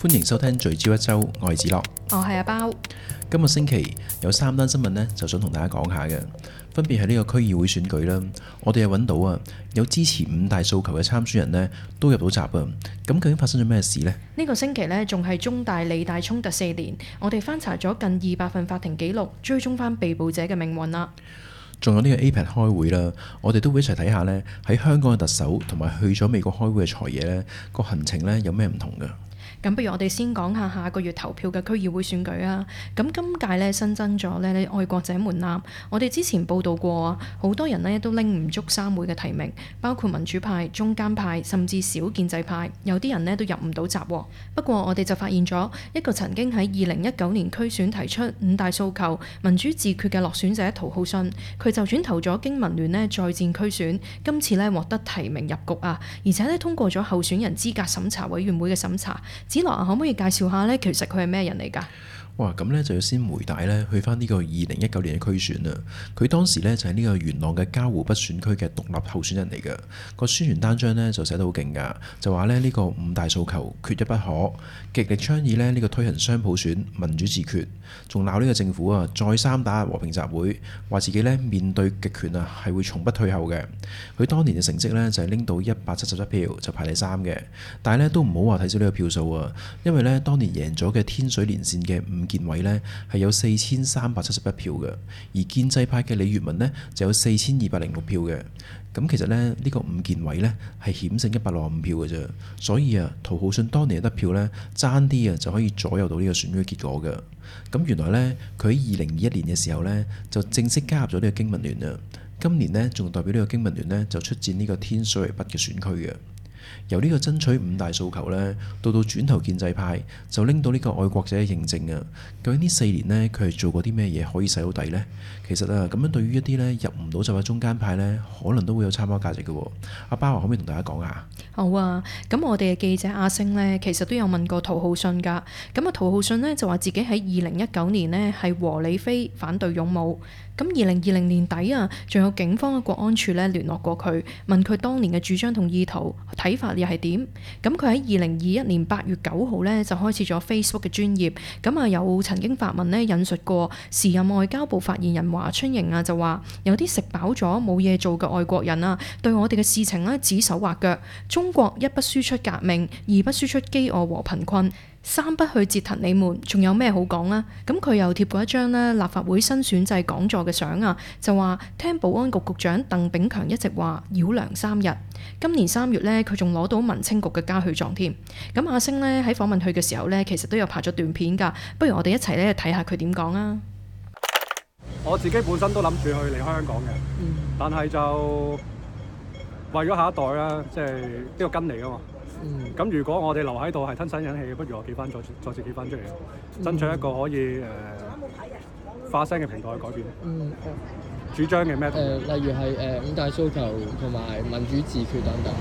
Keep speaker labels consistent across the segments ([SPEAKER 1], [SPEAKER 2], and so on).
[SPEAKER 1] 歡迎收聽聚焦一周，我係子樂。
[SPEAKER 2] 我係阿包。
[SPEAKER 1] 今個星期有三單新聞呢，就想同大家講下嘅，分別係呢個區議會選舉啦。我哋又揾到啊，有支持五大訴求嘅參選人呢，都入到閘啊。咁究竟發生咗咩事呢？
[SPEAKER 2] 呢個星期呢，仲係中大、理大衝突四年。我哋翻查咗近二百份法庭記錄，追蹤返被捕者嘅命運啦。
[SPEAKER 1] 仲有呢個 APEC 開會啦，我哋都會一齊睇下呢，喺香港嘅特首同埋去咗美國開會嘅財爺呢個行程呢，有咩唔同㗎？
[SPEAKER 2] 咁不如我哋先講下下個月投票嘅區議會選舉啊！咁今屆咧新增咗咧咧愛國者門檻，我哋之前報道過，好多人咧都拎唔足三會嘅提名，包括民主派、中間派甚至少建制派，有啲人咧都入唔到閘喎。不過我哋就發現咗一個曾經喺二零一九年區選提出五大訴求、民主自決嘅落選者陶浩信，佢就轉投咗經民聯呢再戰區選，今次咧獲得提名入局啊，而且咧通過咗候選人資格審查委員會嘅審查。子樂，可唔可以介紹下咧？其實佢係咩人嚟噶？
[SPEAKER 1] 哇，咁呢就要先回帶呢去翻呢個二零一九年嘅區選啦。佢當時呢就係呢個元朗嘅嘉湖北選區嘅獨立候選人嚟嘅。個宣傳單張呢就寫得好勁噶，就話呢呢個五大訴求缺一不可，極力倡議呢呢個推行雙普選、民主自決，仲鬧呢個政府啊再三打壓和平集會，話自己呢面對極權啊係會從不退後嘅。佢當年嘅成績呢就係拎到一百七十一票就排第三嘅，但係呢都唔好話睇少呢個票數啊，因為呢當年贏咗嘅天水連線嘅五建委呢係有四千三百七十一票嘅，而建制派嘅李月文呢就有四千二百零六票嘅。咁其實呢，呢個五建委呢係險勝一百六十五票嘅啫。所以啊，陶浩信當年嘅得票呢，爭啲啊就可以左右到呢個選舉結果嘅。咁原來呢，佢喺二零二一年嘅時候呢，就正式加入咗呢個經民聯啊。今年呢，仲代表呢個經民聯呢，就出戰呢個天水圍北嘅選區嘅。由呢個爭取五大訴求呢，到到轉頭建制派就拎到呢個愛國者認證啊！究竟呢四年呢，佢係做過啲咩嘢可以洗到底呢？其實啊，咁樣對於一啲呢入唔到就話中間派呢，可能都會有參考價值嘅喎。阿巴華可唔可以同大家講下？
[SPEAKER 2] 好啊，咁我哋嘅記者阿星呢，其實都有問過陶浩信噶。咁啊，陶浩信呢，就話自己喺二零一九年呢，係和理非，反對勇武。咁二零二零年底啊，仲有警方嘅國安處咧聯絡過佢，問佢當年嘅主張同意圖睇法又係點？咁佢喺二零二一年八月九號咧就開始咗 Facebook 嘅專頁，咁、嗯、啊有曾經發文咧引述過時任外交部發言人華春瑩啊就話：有啲食飽咗冇嘢做嘅外國人啊，對我哋嘅事情咧、啊、指手畫腳。中國一不輸出革命，二不輸出饑餓和貧困。三不去折騰，你們，仲有咩好講啊？咁佢又貼過一張呢立法會新選制講座嘅相啊，就話聽保安局局長鄧炳強一直話繞梁三日，今年三月呢，佢仲攞到民青局嘅嘉許狀添。咁阿星呢，喺訪問佢嘅時候呢，其實都有拍咗段片噶，不如我哋一齊呢，睇下佢點講啊！
[SPEAKER 3] 我自己本身都諗住去離開香港嘅，嗯、但係就為咗下一代啦，即係呢個根嚟啊嘛。嗯，咁如果我哋留喺度係吞聲忍氣，不如我企返再再次企返出嚟，爭取一個可以誒發聲嘅平台去改變。嗯，主張嘅咩？誒、呃，例如係誒、呃、五大訴求同埋民主自決等等。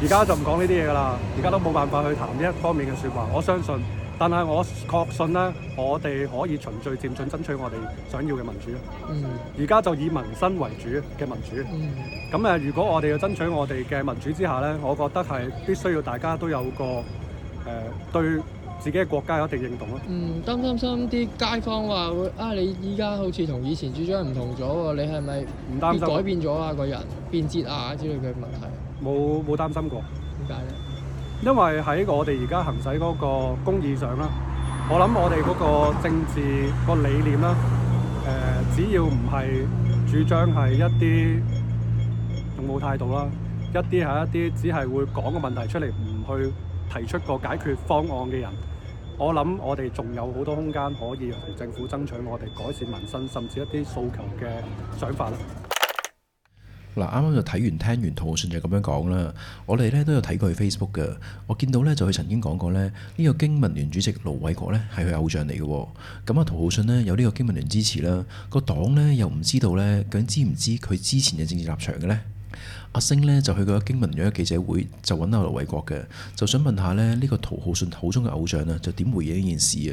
[SPEAKER 3] 而家就唔講呢啲嘢㗎喇，而家都冇辦法去談呢一方面嘅說話。我相信。但係我確信咧，我哋可以循序漸進爭取我哋想要嘅民主。嗯。而家就以民生為主嘅民主。嗯。咁誒，如果我哋要爭取我哋嘅民主之下咧，我覺得係必須要大家都有個誒、呃、對自己嘅國家有一定認同咯。嗯。擔唔擔心啲街坊話會啊？你依家好似同以前主張唔同咗喎，你係咪唔擔心改變咗啊？個人變節啊之類嘅問題。冇冇擔心過？點解咧？因為喺我哋而家行使嗰個公義上啦，我諗我哋嗰個政治個理念啦，誒只要唔係主張係一啲勇武態度啦，一啲係一啲只係會講個問題出嚟，唔去提出個解決方案嘅人，我諗我哋仲有好多空間可以同政府爭取我哋改善民生，甚至一啲訴求嘅想法啦。
[SPEAKER 1] 嗱，啱啱就睇完聽完陶浩信就咁樣講啦。我哋咧都有睇過佢 Facebook 嘅，我見到咧就佢曾經講過咧，呢、這個經民聯主席盧偉國咧係佢偶像嚟嘅。咁啊，陶浩信呢有呢個經民聯支持啦，這個黨咧又唔知道咧，究竟知唔知佢之前嘅政治立場嘅咧？阿星呢，就去過經民聯嘅記者會，就揾阿盧偉國嘅，就想問下咧呢、呢個陶浩信口中嘅偶像啊，就點回應呢件事啊？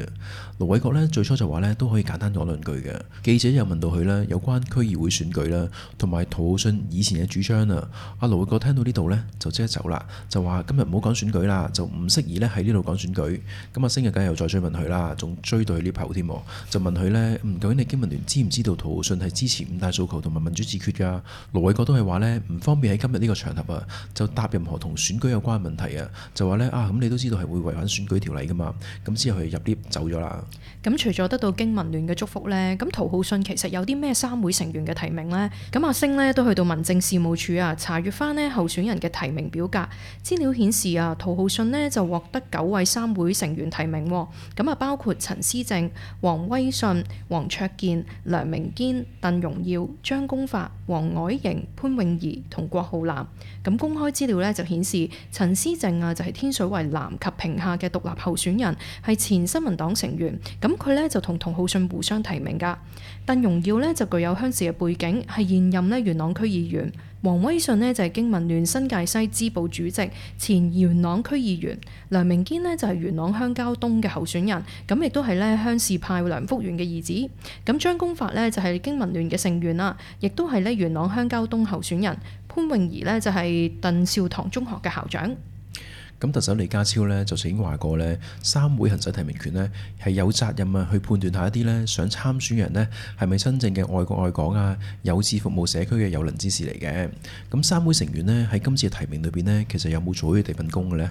[SPEAKER 1] 盧偉國呢，最初就話呢，都可以簡單講兩句嘅。記者又問到佢呢，有關區議會選舉啦，同埋陶浩信以前嘅主張啊。阿盧偉國聽到呢度呢，就即刻走啦，就話今日唔好講選舉啦，就唔適宜呢喺呢度講選舉。噉阿星日梗係又再追問佢啦，仲追到佢呢頭添，就問佢呢，究竟你經民聯知唔知道陶浩信係支持五大訴求同埋民主自決㗎？盧偉國都係話呢，唔方便。喺今日呢個場合啊，就答任何同選舉有關嘅問題啊，就話呢，啊，咁你都知道係會違反選舉條例噶嘛，咁之後佢入 lift 走咗啦。
[SPEAKER 2] 咁除咗得到經民聯嘅祝福呢，咁陶浩信其實有啲咩三會成員嘅提名呢？咁阿星呢都去到民政事務處啊，查閲翻呢候選人嘅提名表格，資料顯示啊，陶浩信呢就獲得九位三會成員提名，咁啊包括陳思正、黃威信、黃卓健、梁明堅、鄧榮耀、張公發、黃凱瑩、潘詠儀同浩南，咁公開資料咧就顯示，陳思靜啊就係天水圍南及屏下嘅獨立候選人，係前新民黨成員，咁佢咧就同同浩信互相提名噶，鄧榮耀咧就具有鄉事嘅背景，係現任咧元朗區議員。王威信咧就係經民聯新界西支部主席，前元朗區議員。梁明堅咧就係元朗鄉郊東嘅候選人，咁亦都係咧鄉事派梁福元嘅兒子。咁張功發咧就係經民聯嘅成員啦，亦都係咧元朗鄉郊東候選人。潘穎儀咧就係鄧兆棠中學嘅校長。
[SPEAKER 1] 咁特首李家超呢，就曾經話過呢，三會行使提名權呢，係有責任啊，去判斷下一啲呢，想參選人呢，係咪真正嘅愛國愛港啊、有志服務社區嘅有能之士嚟嘅。咁三會成員呢，喺今次嘅提名裏邊呢，其實有冇做呢啲份工嘅呢？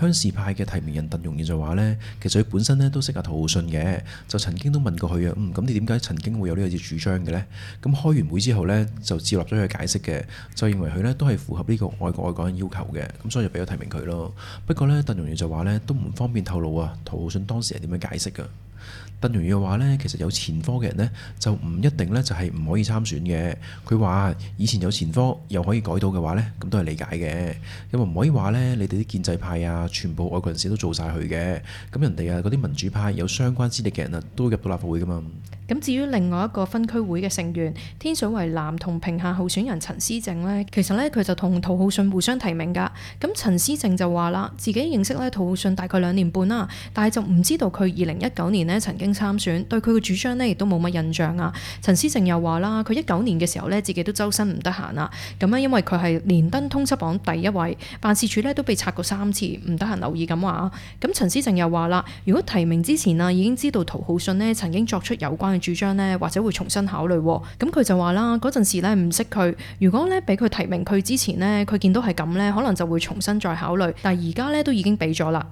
[SPEAKER 1] 鄉事派嘅提名人鄧容賢就話呢，其實佢本身呢，都識阿陶浩信嘅，就曾經都問過佢啊。嗯，咁你點解曾經會有呢個嘅主張嘅呢？咁開完會之後呢，就接納咗佢解釋嘅，就認為佢呢，都係符合呢個愛國愛港嘅要求嘅，咁所以就俾咗提名佢咯。不過呢，鄧容儀就話呢，都唔方便透露啊。陶浩信當時係點樣解釋嘅？鄧如嘅話呢，其實有前科嘅人呢，就唔一定呢，就係唔可以參選嘅。佢話以前有前科又可以改到嘅話呢，咁都係理解嘅。咁啊唔可以話呢，你哋啲建制派啊，全部愛國人士都做晒佢嘅。咁人哋啊嗰啲民主派有相關資歷嘅人啊，都會入到立法會噶嘛。
[SPEAKER 2] 咁至於另外一個分區會嘅成員，天水圍南同平下候選人陳思正呢，其實呢，佢就同陶浩信互相提名㗎。咁陳思正就話啦，自己認識呢，陶浩信大概兩年半啦，但係就唔知道佢二零一九年呢曾經。參選對佢嘅主張咧，亦都冇乜印象啊。陳思靜又話啦，佢一九年嘅時候咧，自己都周身唔得閒啊。咁啊，因為佢係連登通緝榜第一位，辦事處咧都被拆過三次，唔得閒留意咁話。咁陳思靜又話啦，如果提名之前啊，已經知道陶浩信呢曾經作出有關嘅主張咧，或者會重新考慮。咁佢就話啦，嗰陣時咧唔識佢，如果咧俾佢提名佢之前咧，佢見到係咁咧，可能就會重新再考慮。但係而家咧都已經俾咗啦。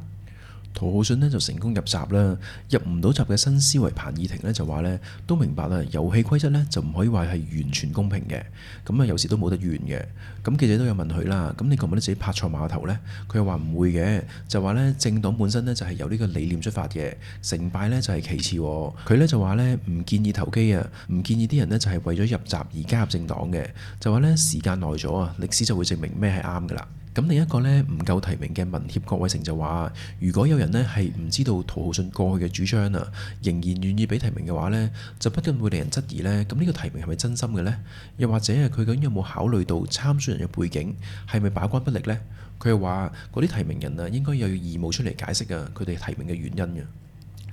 [SPEAKER 1] 陶浩信咧就成功入閘啦，入唔到閘嘅新思維彭以婷咧就話呢都明白啦，遊戲規則呢就唔可以話係完全公平嘅，咁啊有時都冇得怨嘅。咁記者都有問佢啦，咁你覺唔覺得自己拍錯碼頭呢？佢又話唔會嘅，就話呢，政黨本身呢就係由呢個理念出發嘅，成敗呢就係其次。佢呢就話呢，唔建議投機啊，唔建議啲人呢就係為咗入閘而加入政黨嘅，就話呢，時間耐咗啊，歷史就會證明咩係啱噶啦。咁另一個呢唔夠提名嘅文協郭偉成就話，如果有人呢係唔知道屠豪信過去嘅主張啊，仍然願意俾提名嘅話呢，就不禁會令人質疑呢。咁、這、呢個提名係咪真心嘅呢？又或者佢究竟有冇考慮到參選人嘅背景係咪把關不力呢？佢又話嗰啲提名人啊，應該有義務出嚟解釋啊，佢哋提名嘅原因嘅。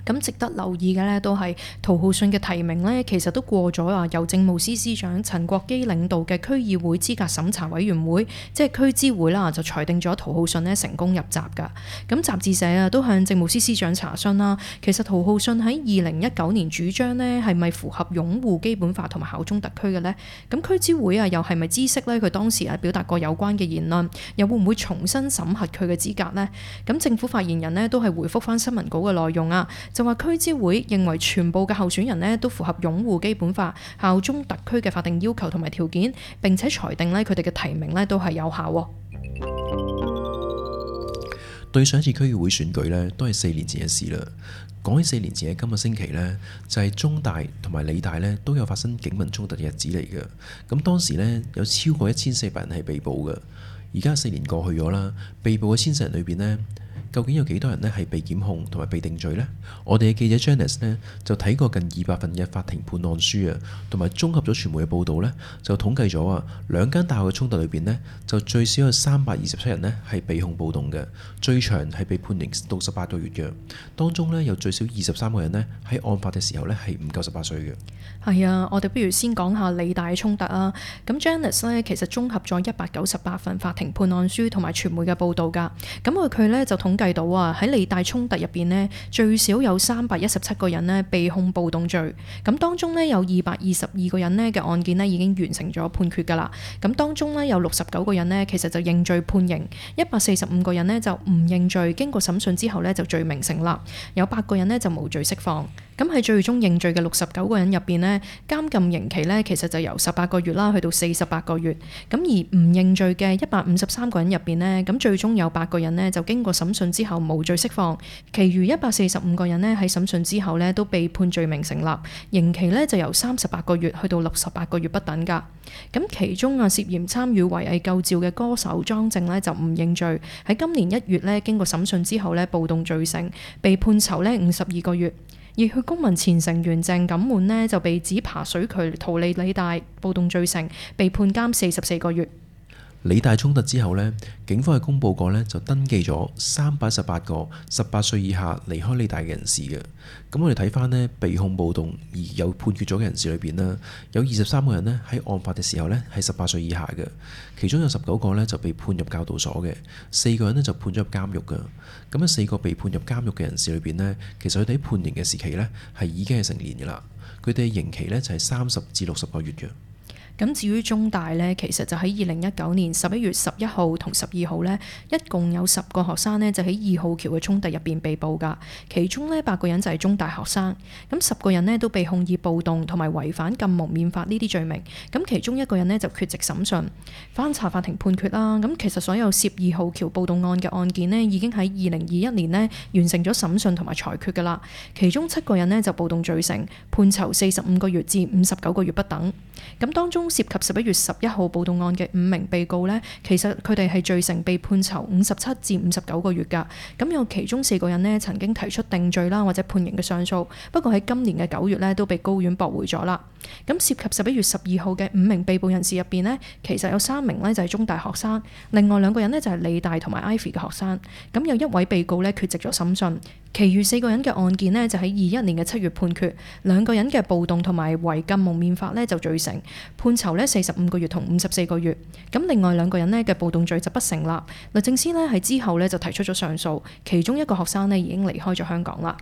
[SPEAKER 2] 咁值得留意嘅咧，都係陶浩信嘅提名咧，其實都過咗啊！由政務司司長陳國基領導嘅區議會資格審查委員會，即係區資會啦，就裁定咗陶浩信咧成功入閘噶。咁集誌社啊，都向政務司司長查詢啦。其實陶浩信喺二零一九年主張咧，係咪符合擁護基本法同埋效忠特區嘅咧？咁區資會啊，又係咪知悉咧佢當時啊表達過有關嘅言論？又會唔會重新審核佢嘅資格咧？咁政府發言人咧都係回覆翻新聞稿嘅內容啊。就話區諮會認為全部嘅候選人呢都符合擁護基本法、效忠特區嘅法定要求同埋條件，並且裁定呢佢哋嘅提名呢都係有效。
[SPEAKER 1] 對上一次區議會選舉呢，都係四年前嘅事啦。講起四年前嘅今個星期呢就係、是、中大同埋理大呢都有發生警民衝突嘅日子嚟嘅。咁當時呢，有超過一千四百人係被捕嘅。而家四年過去咗啦，被捕嘅千十人裏邊呢。究竟有幾多人呢係被檢控同埋被定罪呢？我哋嘅記者 Janice 呢就睇過近二百份嘅法庭判案書判案啊，同埋、啊、綜合咗傳媒嘅報道呢，就統計咗啊，兩間大學嘅衝突裏邊呢，就最少有三百二十七人呢係被控暴動嘅，最長係被判刑六十八個月嘅，當中呢，有最少二十三個人呢喺案發嘅時候呢係唔夠十八歲嘅。
[SPEAKER 2] 係啊，我哋不如先講下理大嘅衝突啊。咁 Janice 呢其實綜合咗一百九十八份法庭判案書同埋傳媒嘅報道噶，咁佢呢就統計。睇到啊，喺理大衝突入邊咧，最少有三百一十七個人咧被控暴動罪。咁當中咧有二百二十二個人咧嘅案件咧已經完成咗判決㗎喇。咁當中咧有六十九個人咧其實就認罪判刑，一百四十五個人咧就唔認罪，經過審訊之後咧就罪名成立，有八個人咧就無罪釋放。咁喺最終認罪嘅六十九個人入邊呢，監禁刑期呢其實就由十八個月啦，去到四十八個月。咁而唔認罪嘅一百五十三個人入邊呢，咁最終有八個人呢就經過審訊之後無罪釋放，其餘一百四十五個人呢喺審訊之後呢都被判罪名成立，刑期呢就由三十八個月去到六十八個月不等㗎。咁其中啊，涉嫌參與圍魏救趙嘅歌手莊正呢就唔認罪，喺今年一月呢經過審訊之後呢暴動罪成，被判囚呢五十二個月。熱血公民前成員鄭錦滿咧就被指爬水渠逃離理大，暴動罪成，被判監四十四個月。
[SPEAKER 1] 理大衝突之後呢，警方係公佈過呢，就登記咗三百十八個十八歲以下離開理大嘅人士嘅。咁我哋睇翻呢，被控暴動而有判決咗嘅人士裏邊呢，有二十三個人呢喺案發嘅時候呢係十八歲以下嘅，其中有十九個呢就被判入教導所嘅，四個人呢就判咗入監獄嘅。咁喺四個被判入監獄嘅人士裏邊呢，其實佢哋喺判刑嘅時期呢係已經係成年嘅啦，佢哋刑期呢就係三十至六十個月嘅。
[SPEAKER 2] 咁至於中大呢，其實就喺二零一九年十一月十一號同十二號呢，一共有十個學生呢就喺二號橋嘅衝突入邊被捕㗎。其中呢八個人就係中大學生，咁十個人呢都被控以暴動同埋違反禁蒙面法呢啲罪名。咁其中一個人呢就缺席審訊。翻查法庭判決啦，咁其實所有涉二號橋暴動案嘅案件呢，已經喺二零二一年呢完成咗審訊同埋裁決㗎啦。其中七個人呢就暴動罪成，判囚四十五個月至五十九個月不等。咁當中涉及十一月十一號暴動案嘅五名被告咧，其實佢哋係罪成被判囚五十七至五十九個月噶。咁有其中四個人呢曾經提出定罪啦或者判刑嘅上訴，不過喺今年嘅九月咧，都被高院駁回咗啦。咁涉及十一月十二號嘅五名被捕人士入邊呢，其實有三名呢就係中大學生，另外兩個人呢就係理大同埋 ivy 嘅學生。咁有一位被告咧缺席咗審訊。其餘四個人嘅案件呢，就喺二一年嘅七月判決，兩個人嘅暴動同埋違禁蒙面法呢，就罪成，判囚呢四十五個月同五十四個月。咁另外兩個人咧嘅暴動罪就不成喇。律政司呢，喺之後呢，就提出咗上訴，其中一個學生呢，已經離開咗香港啦。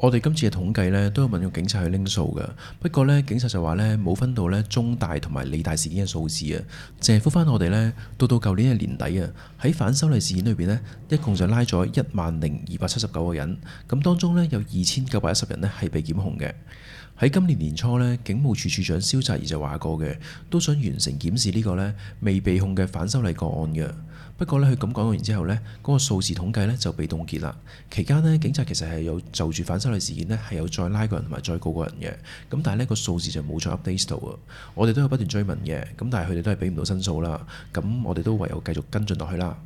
[SPEAKER 1] 我哋今次嘅統計呢，都有問到警察去拎數嘅。不過呢，警察就話呢，冇分到呢中大同埋理大事件嘅數字啊，淨係覆翻我哋呢，到到舊年嘅年底啊，喺反修例事件裏邊呢，一共就拉咗一萬零二百七十九個人。咁當中呢，有二千九百一十人呢係被檢控嘅。喺今年年初呢，警務處處長蕭澤頤就話過嘅，都想完成檢視呢個呢未被控嘅反修例個案嘅。不過咧，佢咁講完之後呢，嗰個數字統計呢就被凍結啦。期間呢，警察其實係有就住反修例事件呢，係有再拉個人同埋再告個人嘅。咁但係呢個數字就冇再 update 到啊。我哋都有不斷追問嘅，咁但係佢哋都係俾唔到新數啦。咁我哋都唯有繼續跟進落去啦。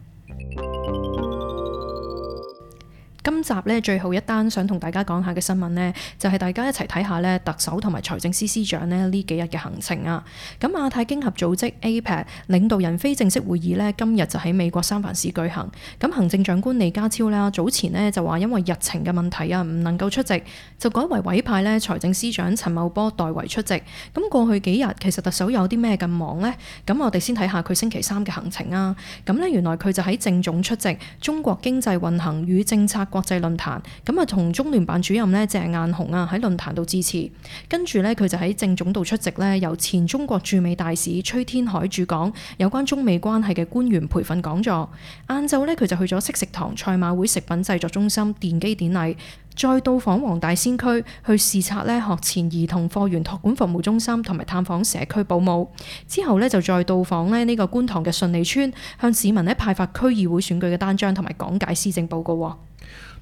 [SPEAKER 2] 今集呢最後一單想同大家講下嘅新聞呢，就係、是、大家一齊睇下呢特首同埋財政司司長呢幾日嘅行程啊。咁亞太經合組織 APEC 領導人非正式會議呢，今日就喺美國三藩市舉行。咁行政長官李家超啦，早前呢就話因為日程嘅問題啊，唔能夠出席，就改為委派呢財政司長陳茂波代為出席。咁過去幾日其實特首有啲咩咁忙呢？咁我哋先睇下佢星期三嘅行程啊。咁呢，原來佢就喺政總出席中國經濟運行與政策國際論壇，同中聯辦主任咧鄭雁雄啊，喺論壇度致辭，跟住咧佢就喺政總度出席由前中國駐美大使崔天凱主講有關中美關係嘅官員培訓講座。晏晝咧佢就去咗惜食堂賽馬會食品製作中心奠基典禮。再到訪黃大仙區去視察呢學前兒童課餘托管服務中心，同埋探訪社區保姆。之後呢，就再到訪呢呢個觀塘嘅順利村，向市民呢派發區議會選舉嘅單張，同埋講解施政報告。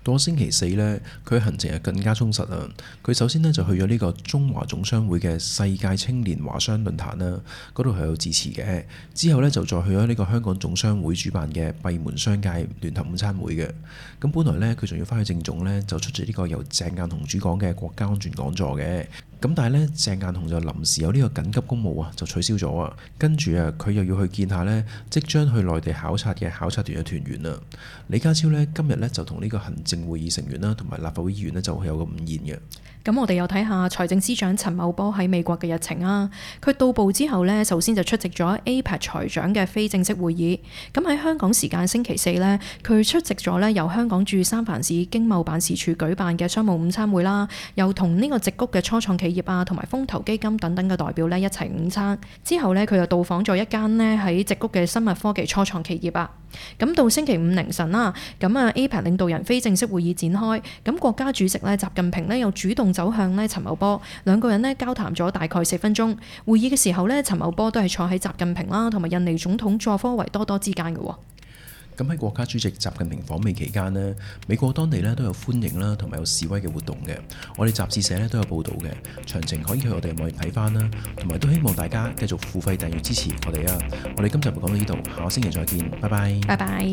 [SPEAKER 1] 到星期四呢，佢行程係更加充實啊！佢首先呢，就去咗呢個中華總商會嘅世界青年華商論壇啦，嗰度係有支持嘅。之後呢，就再去咗呢個香港總商會主辦嘅閉門商界聯合午餐會嘅。咁本來呢，佢仲要翻去政總呢，就出席呢個由鄭雁雄主講嘅國家安全講座嘅。咁但係呢，鄭雁雄就臨時有呢個緊急公務啊，就取消咗啊。跟住啊，佢又要去見下呢，即將去內地考察嘅考察團嘅團員啊。李家超呢，今日呢，就同呢個行政會議成員啦，同埋立法會議員呢，就係有個午宴嘅。
[SPEAKER 2] 咁我哋又睇下財政司長陳茂波喺美國嘅日程啊！佢到埗之後呢，首先就出席咗 APEC 財長嘅非正式會議。咁喺香港時間星期四呢，佢出席咗呢由香港駐三藩市經貿辦事處舉辦嘅商務午餐會啦，又同呢個直谷嘅初創企業啊，同埋風投基金等等嘅代表呢一齊午餐。之後呢，佢又到訪咗一間呢喺直谷嘅生物科技初創企業啊。咁到星期五凌晨啦，咁啊 APEC 領導人非正式會議展開，咁國家主席呢習近平呢又主動，走向咧，陳茂波兩個人咧，交談咗大概四分鐘。會議嘅時候咧，陳茂波都係坐喺習近平啦，同埋印尼總統佐科維多多之間嘅，哦。
[SPEAKER 1] 咁喺國家主席習近平訪美期間咧，美國當地咧都有歡迎啦，同埋有示威嘅活動嘅。我哋雜誌社咧都有報道嘅，詳情可以我去我哋網頁睇翻啦。同埋都希望大家繼續付費訂閱支持我哋啊！我哋今集就講
[SPEAKER 2] 到呢度，下個星期再見，拜拜，拜拜。